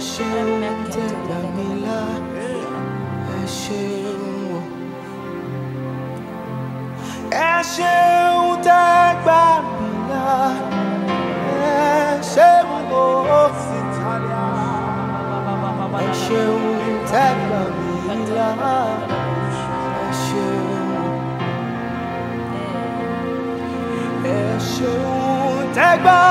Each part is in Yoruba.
Hashem Telamila Hashem Hashem Telamila Hashem Oxitalia Hashem Telamila Hashem Hashem Telamila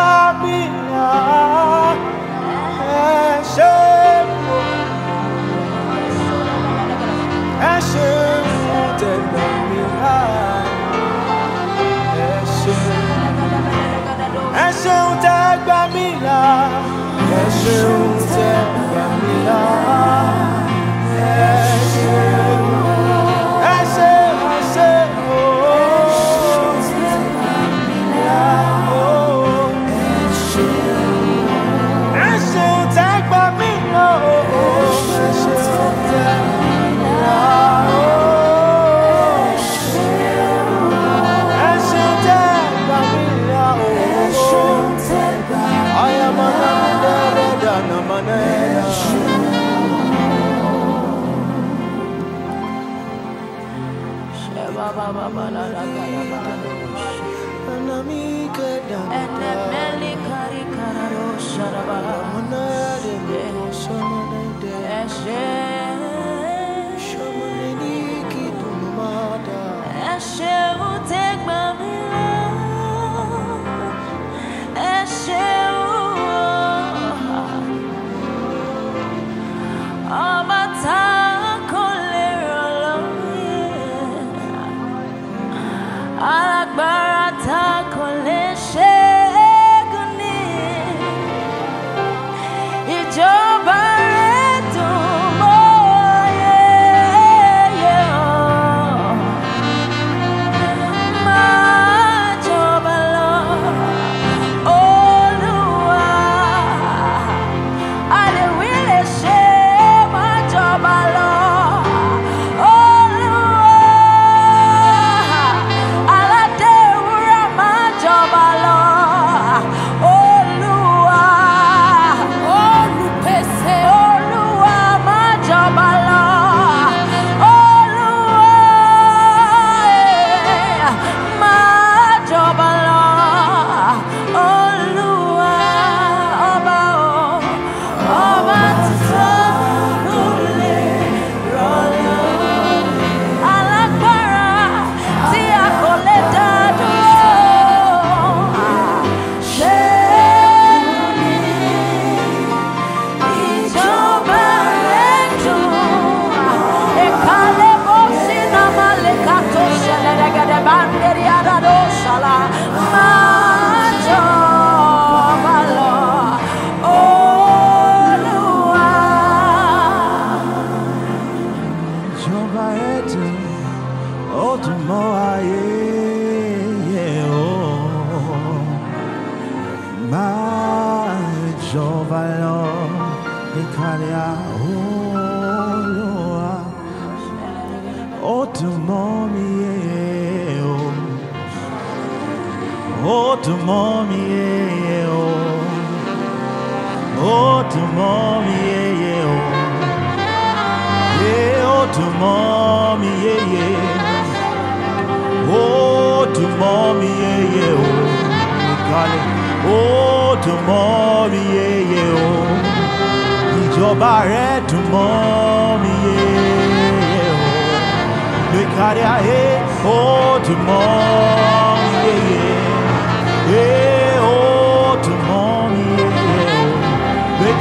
Sharaba, Munade, Sharaba, Sharaba, Kárí ayé ó dùn mọ́. Oh.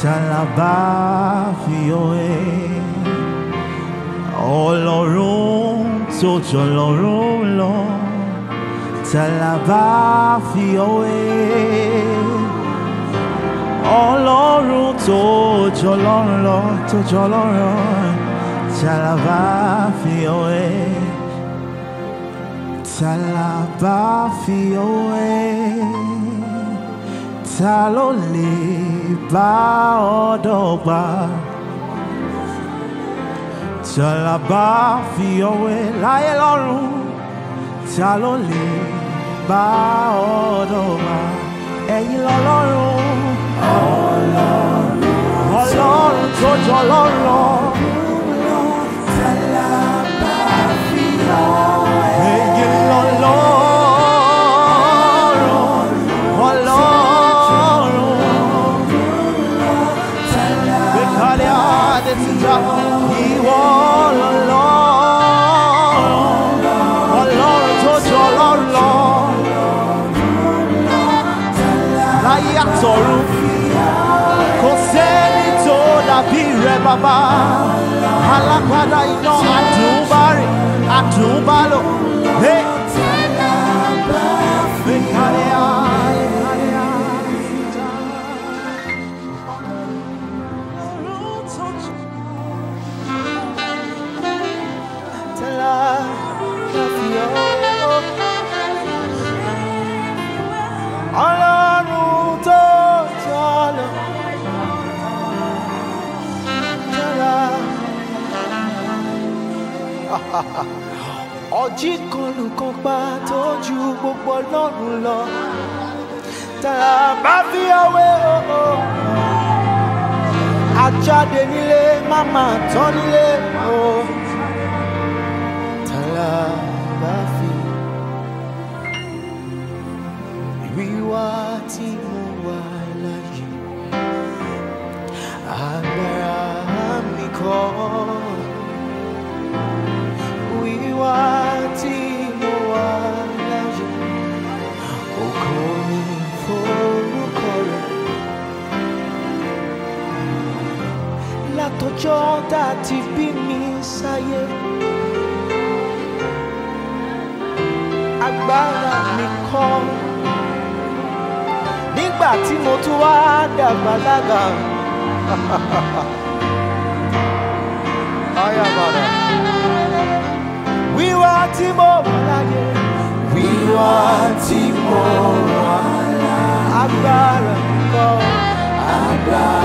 shall above Yahweh. Ọlọ́run tó jọ lọ́run lọ, tàlàbà fi Ọlọ́run tó jọ lọ́run lọ, tó jọ lọ́run, tàlàbà fi òwe. ta ló lè bá ọ dọ́gba? Ta la bá fi ọwé láyé lọ́rùn? Ta ló lè bá ọ dọ́gba? Ẹ̀yin lọ́lọ́run. Ọlọ́run tó jọ lọ́rọ̀. Ta fi ọwé. pire baba alapada ino atubari atubalo hey All ọjí kan nìkan pa tójú gbogbo ọlọ́run lọ tá a bá fi ọwé o ajáde nílé má máa tán nílé o. Oh. ọjọ́ tá a ti bí mi sáyé. agbára mi kọ́ nígbà tí mo tún wá dàgbà lága. wíwá tí mo wà láyé. wíwá tí mo wà láyé. agbára mi kọ́. agbára.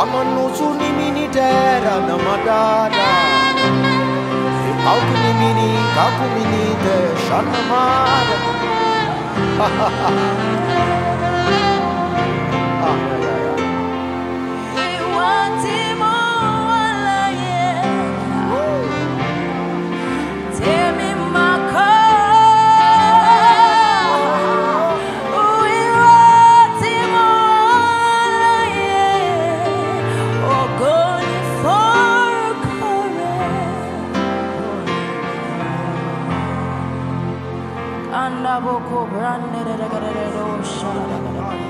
kama nusu ni mini tera na madara e pau que ni mini kaku mini te shanamara ha Raboko brande de de de de de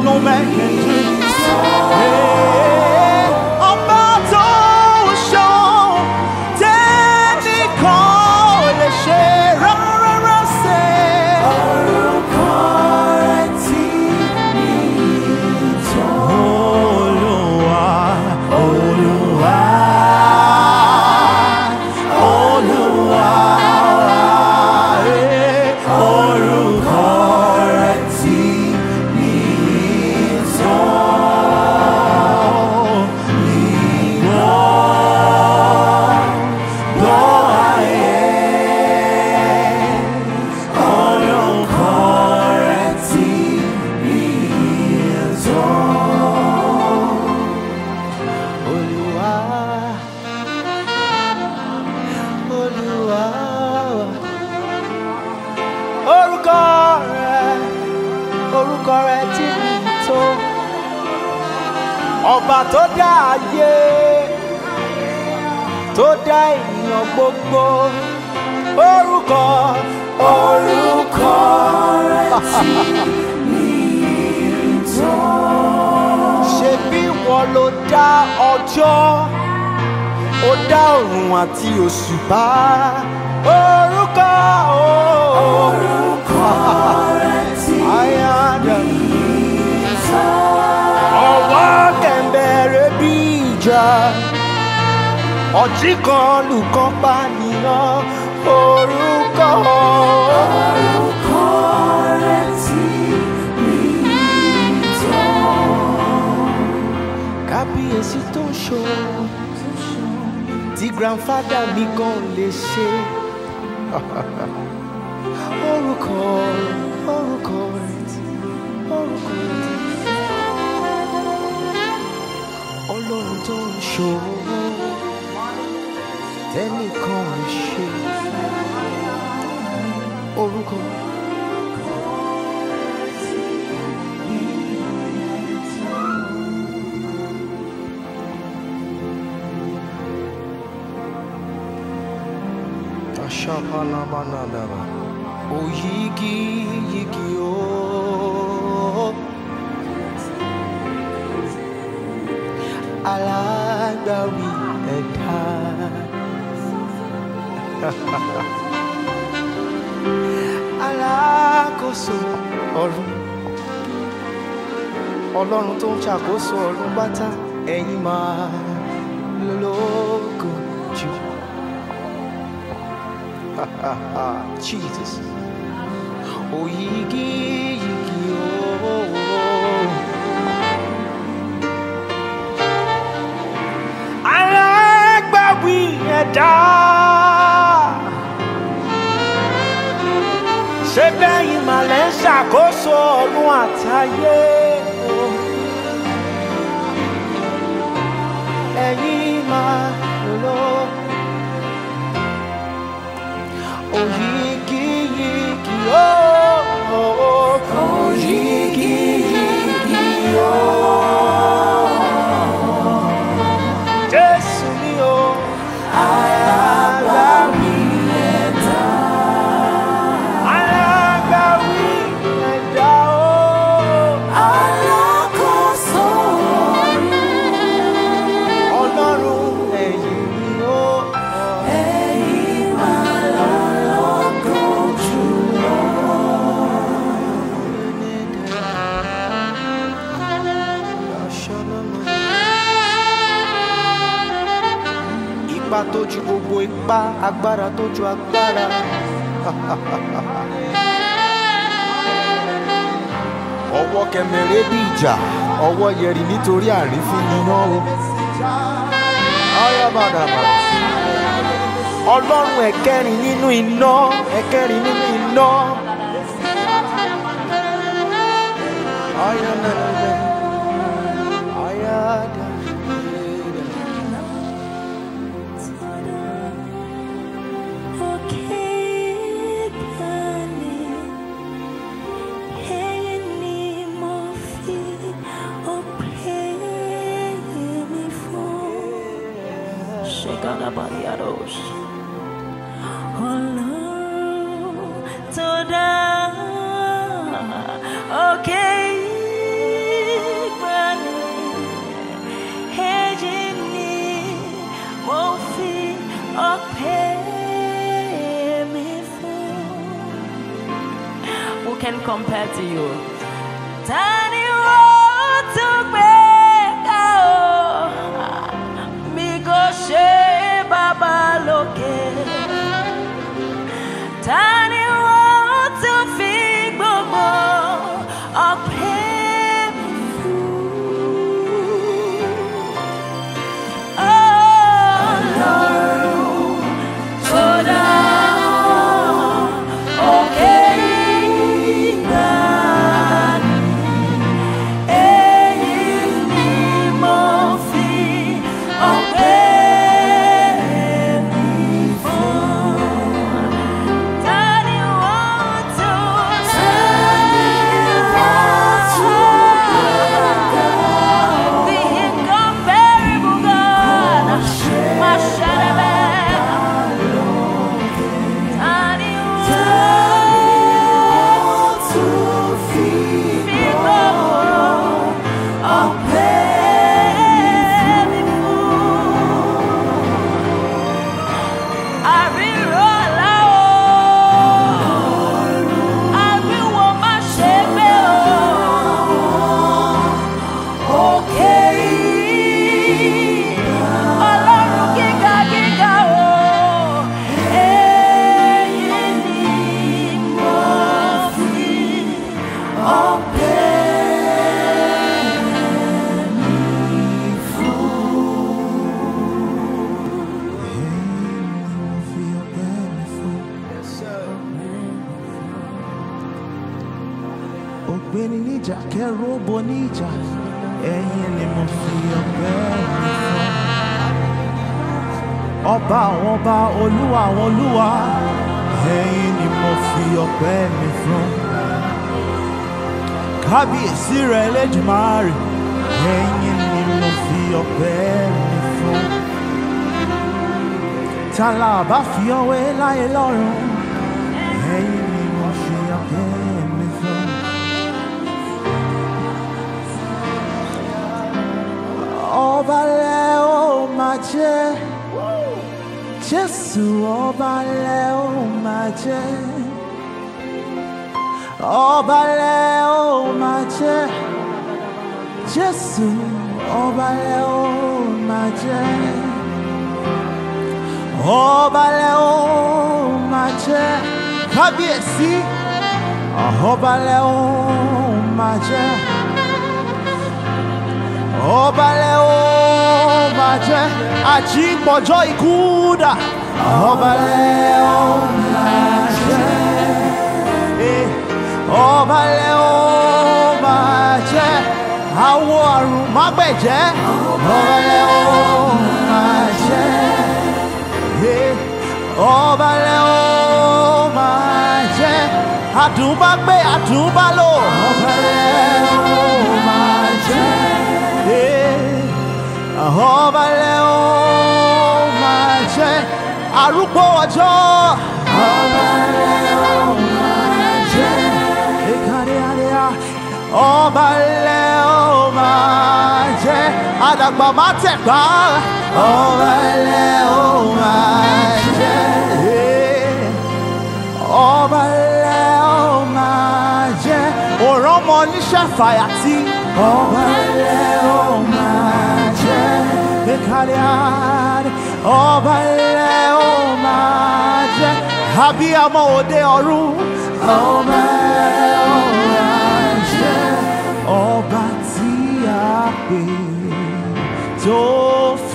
no man can ọba tó dá ayé tó dá ènìyàn gbogbo orúkọ orúkọ rẹ ti ní tó. ṣebí wọn ló dá ọjọ́ ó dá òrùn àti òṣùpá orúkọ orúkọ rẹ ti ní tó. ọwọ́ kẹ bẹ̀rẹ̀ bí ìjà ọtí kan lùkàn pànìyàn orúkọ orúkọ rẹ ti rí tán kábíyèsí tó ń ṣòro tí grandfada mi gan lè ṣe orúkọ orúkọ rẹ orúkọ rẹ. doşu Deli komşu Oruko Şapana bana da var. O yigi yigi o. alagbawi ẹ̀ka. alákòóso ọ̀run ọlọ́run tó ń ṣàkóso ọ̀run pátá ẹ̀yin máa lólógo jù. Jesus. Oh, yigi, yigi, oh. ẹ̀dá. ṣé bẹ́yìn màlẹ́ ń ṣàkóso ọ̀run àtayé. ipa tó ju gbogbo ipá agbára tó ju agbára. ọwọ́ kẹmẹ̀rẹ́ bí ìjà ọwọ́ yẹri nítorí àrífín iná o. ọlọ́run ẹ̀kẹrin nínú iná ẹ̀kẹrin nínú iná. ayọ̀ toda, ok. Who can compare to you? olúwa olúwa ẹ̀yin ni mo fi ọpẹ́ mi fún kábíyèsí rẹ Elédùmarè ẹ̀yin ni mo fi ọpẹ́ mi fún Tala bá fi ọwé láyé lọ́run ẹ̀yin ni mo fi ọpẹ́ mi fún. ọba lẹ́ ó máa jẹ́. Jésù ọba lẹ ó máa jẹ́ ọba lẹ ó máa jẹ́ Jésù ọba lẹ ó máa jẹ́ ọba lẹ ó máa jẹ́ ọba lẹ ó máa ọba lẹ ó ọba jẹ́ àjíǹpọ̀jọ́ ikú dà. ọba lẹ́hìn máa jẹ́ ọba lẹ́hìn máa àwo àrùn mágbẹ̀jẹ́ ọba lẹ́hìn máa jẹ́ ọba lẹ́hìn máa jẹ́ àdùnbá lò ọba hàn balẹ̀ ó máa jẹ́ arúgbó ọjọ́. ọba rẹ̀ ó máa jẹ́. ìkàdé àdéhà ọba rẹ̀ ó máa jẹ́ àdàgbà má tẹ̀gbá. ọba rẹ̀ ó máa jẹ́. ọba rẹ̀ ó máa jẹ́. òrànmọ́ oníṣẹ́ fàyàtì. ọba rẹ̀. oh my, Habiamo Odeoru, Obaleomad, Obatia, Tof.